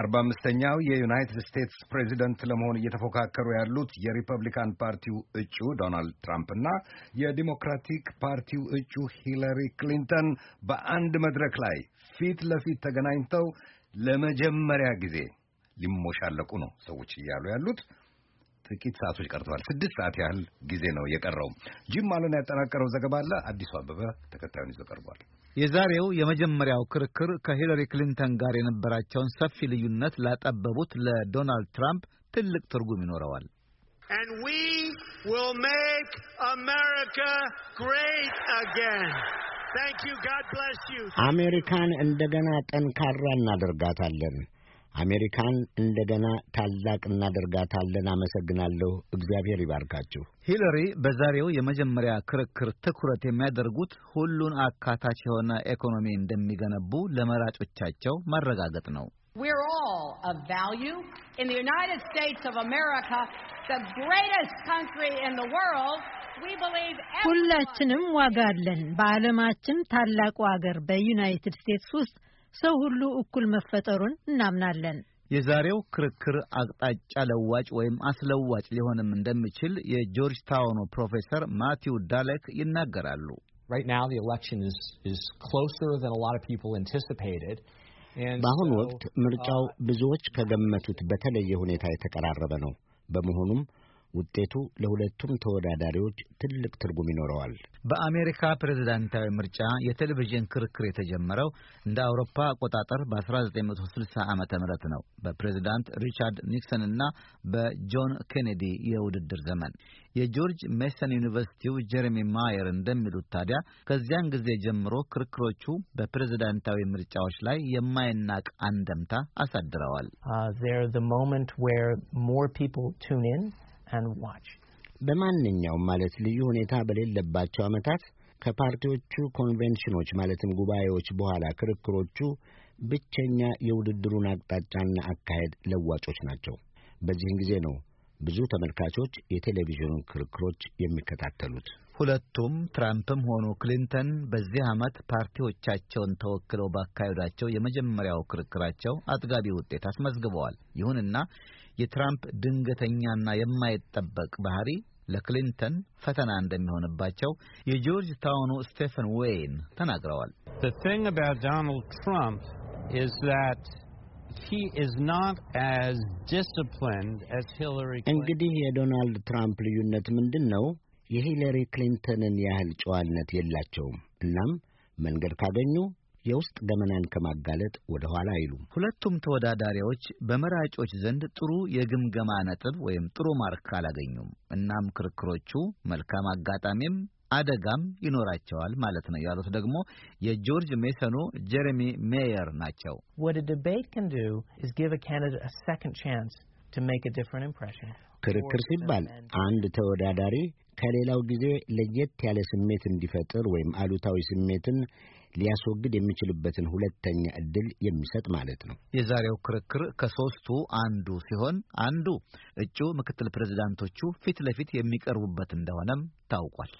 አርባ አምስተኛው የዩናይትድ ስቴትስ ፕሬዚደንት ለመሆን እየተፎካከሩ ያሉት የሪፐብሊካን ፓርቲው እጩ ዶናልድ ትራምፕ እና የዲሞክራቲክ ፓርቲው እጩ ሂለሪ ክሊንተን በአንድ መድረክ ላይ ፊት ለፊት ተገናኝተው ለመጀመሪያ ጊዜ ሊሞሻለቁ ነው ሰዎች እያሉ ያሉት። ጥቂት ሰዓቶች ቀርተዋል። ስድስት ሰዓት ያህል ጊዜ ነው የቀረው። ጂም ማለን ያጠናቀረው ዘገባ አለ። አዲሱ አበበ ተከታዩን ይዞ ቀርቧል። የዛሬው የመጀመሪያው ክርክር ከሂለሪ ክሊንተን ጋር የነበራቸውን ሰፊ ልዩነት ላጠበቡት ለዶናልድ ትራምፕ ትልቅ ትርጉም ይኖረዋል። አሜሪካን እንደገና ጠንካራ እናደርጋታለን። አሜሪካን እንደገና ታላቅ እናደርጋታለን። አመሰግናለሁ። እግዚአብሔር ይባርካችሁ። ሂለሪ በዛሬው የመጀመሪያ ክርክር ትኩረት የሚያደርጉት ሁሉን አካታች የሆነ ኢኮኖሚ እንደሚገነቡ ለመራጮቻቸው ማረጋገጥ ነው። ሁላችንም ዋጋ አለን። በዓለማችን ታላቁ አገር በዩናይትድ ስቴትስ ውስጥ ሰው ሁሉ እኩል መፈጠሩን እናምናለን። የዛሬው ክርክር አቅጣጫ ለዋጭ ወይም አስለዋጭ ሊሆንም እንደሚችል የጆርጅ ታውኑ ፕሮፌሰር ማቲው ዳለክ ይናገራሉ። በአሁኑ ወቅት ምርጫው uh, ብዙዎች ከገመቱት በተለየ ሁኔታ የተቀራረበ ነው። በመሆኑም ውጤቱ ለሁለቱም ተወዳዳሪዎች ትልቅ ትርጉም ይኖረዋል። በአሜሪካ ፕሬዝዳንታዊ ምርጫ የቴሌቪዥን ክርክር የተጀመረው እንደ አውሮፓ አቆጣጠር በ1960 ዓ ም ነው በፕሬዝዳንት ሪቻርድ ኒክሰን እና በጆን ኬኔዲ የውድድር ዘመን። የጆርጅ ሜሰን ዩኒቨርሲቲው ጀሬሚ ማየር እንደሚሉት ታዲያ ከዚያን ጊዜ ጀምሮ ክርክሮቹ በፕሬዝዳንታዊ ምርጫዎች ላይ የማይናቅ አንደምታ አሳድረዋል። uh, and watch. በማንኛውም ማለት ልዩ ሁኔታ በሌለባቸው ዓመታት ከፓርቲዎቹ ኮንቬንሽኖች ማለትም ጉባኤዎች በኋላ ክርክሮቹ ብቸኛ የውድድሩን አቅጣጫና አካሄድ ለዋጮች ናቸው። በዚህን ጊዜ ነው ብዙ ተመልካቾች የቴሌቪዥኑን ክርክሮች የሚከታተሉት። ሁለቱም ትራምፕም ሆኑ ክሊንተን በዚህ ዓመት ፓርቲዎቻቸውን ተወክለው ባካሄዷቸው የመጀመሪያው ክርክራቸው አጥጋቢ ውጤት አስመዝግበዋል። ይሁንና የትራምፕ ድንገተኛና የማይጠበቅ ባህሪ ለክሊንተን ፈተና እንደሚሆንባቸው የጆርጅ ታውኑ ስቴፈን ዌይን ተናግረዋል። እንግዲህ የዶናልድ ትራምፕ ልዩነት ምንድን ነው? የሂለሪ ክሊንተንን ያህል ጨዋነት የላቸውም። እናም መንገድ ካገኙ የውስጥ ገመናን ከማጋለጥ ወደ ኋላ አይሉም። ሁለቱም ተወዳዳሪዎች በመራጮች ዘንድ ጥሩ የግምገማ ነጥብ ወይም ጥሩ ማርክ አላገኙም። እናም ክርክሮቹ መልካም አጋጣሚም አደጋም ይኖራቸዋል ማለት ነው ያሉት ደግሞ የጆርጅ ሜሰኑ ጀሬሚ ሜየር ናቸው። ክርክር ሲባል አንድ ተወዳዳሪ ከሌላው ጊዜ ለየት ያለ ስሜት እንዲፈጥር ወይም አሉታዊ ስሜትን ሊያስወግድ የሚችልበትን ሁለተኛ እድል የሚሰጥ ማለት ነው። የዛሬው ክርክር ከሶስቱ አንዱ ሲሆን አንዱ እጩ ምክትል ፕሬዚዳንቶቹ ፊት ለፊት የሚቀርቡበት እንደሆነም ታውቋል።